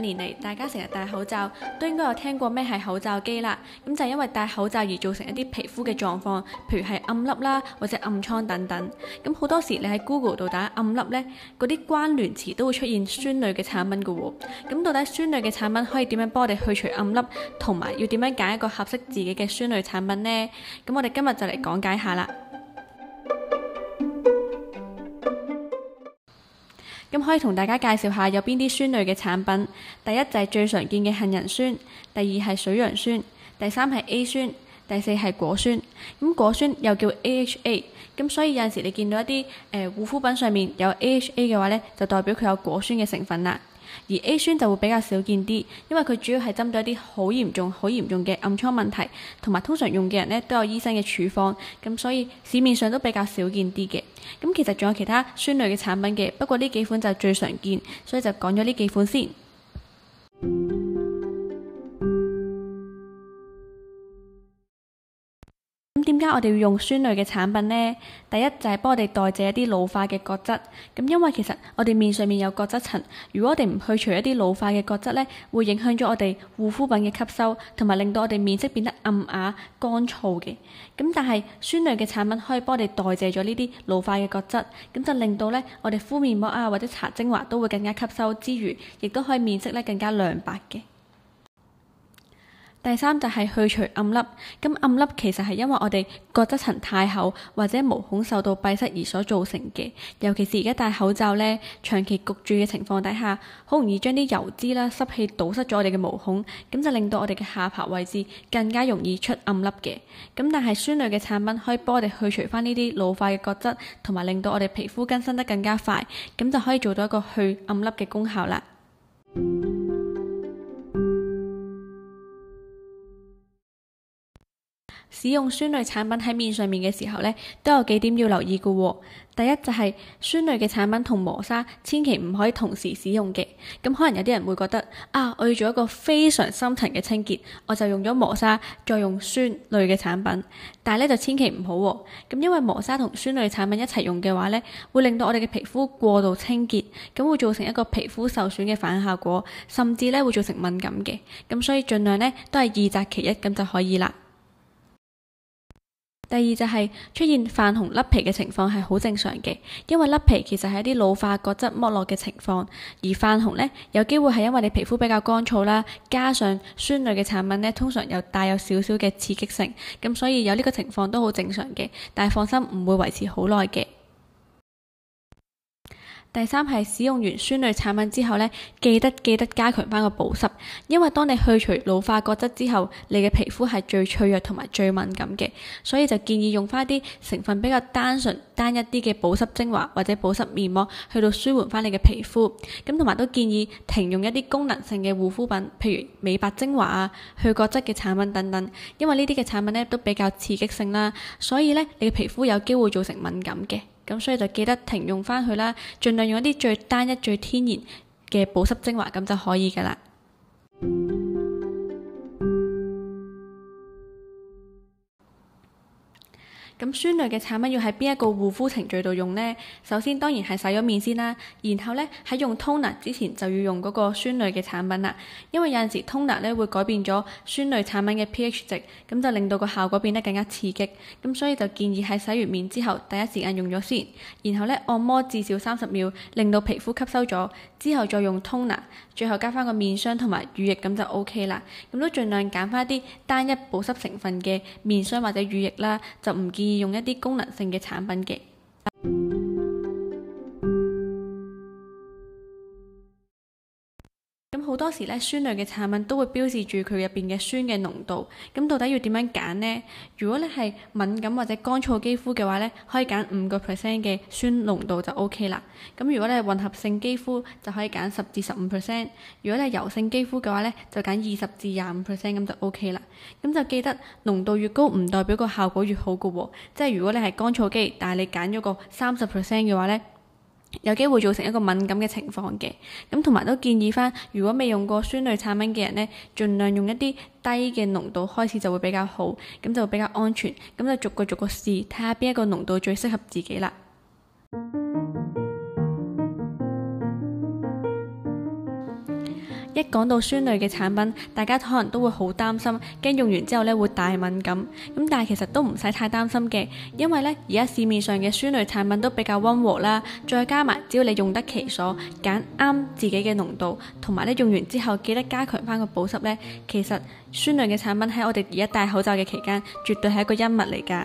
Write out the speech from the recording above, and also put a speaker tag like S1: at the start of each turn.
S1: 年嚟，大家成日戴口罩，都應該有聽過咩係口罩肌啦。咁就因為戴口罩而造成一啲皮膚嘅狀況，譬如係暗粒啦或者暗瘡等等。咁好多時你喺 Google 度打暗粒呢，嗰啲關聯詞都會出現酸類嘅產品㗎。咁到底酸類嘅產品可以點樣幫我哋去除暗粒，同埋要點樣揀一個合適自己嘅酸類產品呢？咁我哋今日就嚟講解下啦。咁可以同大家介紹下有邊啲酸類嘅產品。第一就係最常見嘅杏仁酸，第二係水楊酸，第三係 A 酸，第四係果酸。咁果酸又叫 AHA。咁所以有陣時你見到一啲誒護膚品上面有 AHA 嘅話呢，就代表佢有果酸嘅成分啦。而 A 酸就會比較少見啲，因為佢主要係針對一啲好嚴重、好嚴重嘅暗瘡問題，同埋通常用嘅人呢都有醫生嘅處方，咁所以市面上都比較少見啲嘅。咁其實仲有其他酸類嘅產品嘅，不過呢幾款就係最常見，所以就講咗呢幾款先。我哋要用酸類嘅產品呢，第一就係幫我哋代謝一啲老化嘅角質。咁因為其實我哋面上面有角質層，如果我哋唔去除一啲老化嘅角質呢，會影響咗我哋護膚品嘅吸收，同埋令到我哋面色變得暗啞、乾燥嘅。咁但係酸類嘅產品可以幫我哋代謝咗呢啲老化嘅角質，咁就令到呢我哋敷面膜啊或者搽精華都會更加吸收之餘，之餘亦都可以面色咧更加亮白嘅。第三就係去除暗粒，咁暗粒其實係因為我哋角質層太厚或者毛孔受到閉塞而所造成嘅，尤其是而家戴口罩呢長期焗住嘅情況底下，好容易將啲油脂啦、濕氣堵塞咗我哋嘅毛孔，咁就令到我哋嘅下巴位置更加容易出暗粒嘅。咁但係酸類嘅產品可以幫我哋去除翻呢啲老化嘅角質，同埋令到我哋皮膚更新得更加快，咁就可以做到一個去暗粒嘅功效啦。使用酸類產品喺面上面嘅時候呢，都有幾點要留意嘅、啊。第一就係、是、酸類嘅產品同磨砂千祈唔可以同時使用嘅。咁、嗯、可能有啲人會覺得啊，我要做一個非常深層嘅清潔，我就用咗磨砂再用酸類嘅產品，但係呢，就千祈唔好咁，因為磨砂同酸類產品一齊用嘅話呢，會令到我哋嘅皮膚過度清潔，咁會造成一個皮膚受損嘅反效果，甚至呢會造成敏感嘅。咁、嗯、所以儘量呢，都係二擇其一咁就可以啦。第二就係、是、出現泛紅、甩皮嘅情況係好正常嘅，因為甩皮其實係啲老化角質剝落嘅情況，而泛紅咧有機會係因為你皮膚比較乾燥啦，加上酸類嘅產品咧通常又帶有少少嘅刺激性，咁所以有呢個情況都好正常嘅，但係放心唔會維持好耐嘅。第三係使用完酸類產品之後呢，記得記得加強翻個保濕，因為當你去除老化角質之後，你嘅皮膚係最脆弱同埋最敏感嘅，所以就建議用翻啲成分比較單純單一啲嘅保濕精華或者保濕面膜去到舒緩翻你嘅皮膚。咁同埋都建議停用一啲功能性嘅護膚品，譬如美白精華啊、去角質嘅產品等等，因為呢啲嘅產品呢都比較刺激性啦，所以呢，你嘅皮膚有機會造成敏感嘅。咁所以就記得停用返佢啦，盡量用一啲最單一、最天然嘅保濕精華，咁就可以㗎喇。咁酸類嘅產品要喺邊一個護膚程序度用呢？首先當然係洗咗面先啦，然後呢，喺用 toner 之前就要用嗰個酸類嘅產品啦，因為有陣時 toner 呢會改變咗酸類產品嘅 pH 值，咁就令到個效果變得更加刺激，咁所以就建議喺洗完面之後第一時間用咗先，然後呢按摩至少三十秒，令到皮膚吸收咗，之後再用 toner，最後加翻個面霜同埋乳液咁就 OK 啦。咁都儘量揀翻啲單一保濕成分嘅面霜或者乳液啦，就唔建議。用一啲功能性嘅產品嘅。好多時咧，酸類嘅產品都會標示住佢入邊嘅酸嘅濃度。咁到底要點樣揀呢？如果你係敏感或者乾燥肌膚嘅話咧，可以揀五個 percent 嘅酸濃度就 O K 啦。咁如果你係混合性肌膚就可以揀十至十五 percent。如果你係油性肌膚嘅話咧，就揀二十至廿五 percent 咁就 O K 啦。咁就記得濃度越高唔代表個效果越好噶喎。即係如果你係乾燥肌，但係你揀咗個三十 percent 嘅話咧。有機會造成一個敏感嘅情況嘅，咁同埋都建議返，如果未用過酸類產品嘅人呢，盡量用一啲低嘅濃度開始就會比較好，咁就比較安全，咁就逐個逐個試，睇下邊一個濃度最適合自己啦。一講到酸類嘅產品，大家可能都會好擔心，驚用完之後咧，會大敏感。咁但係其實都唔使太擔心嘅，因為咧而家市面上嘅酸類產品都比較溫和啦。再加埋，只要你用得其所，揀啱自己嘅濃度，同埋咧用完之後記得加強翻個保濕呢。其實酸類嘅產品喺我哋而家戴口罩嘅期間，絕對係一個恩物嚟㗎。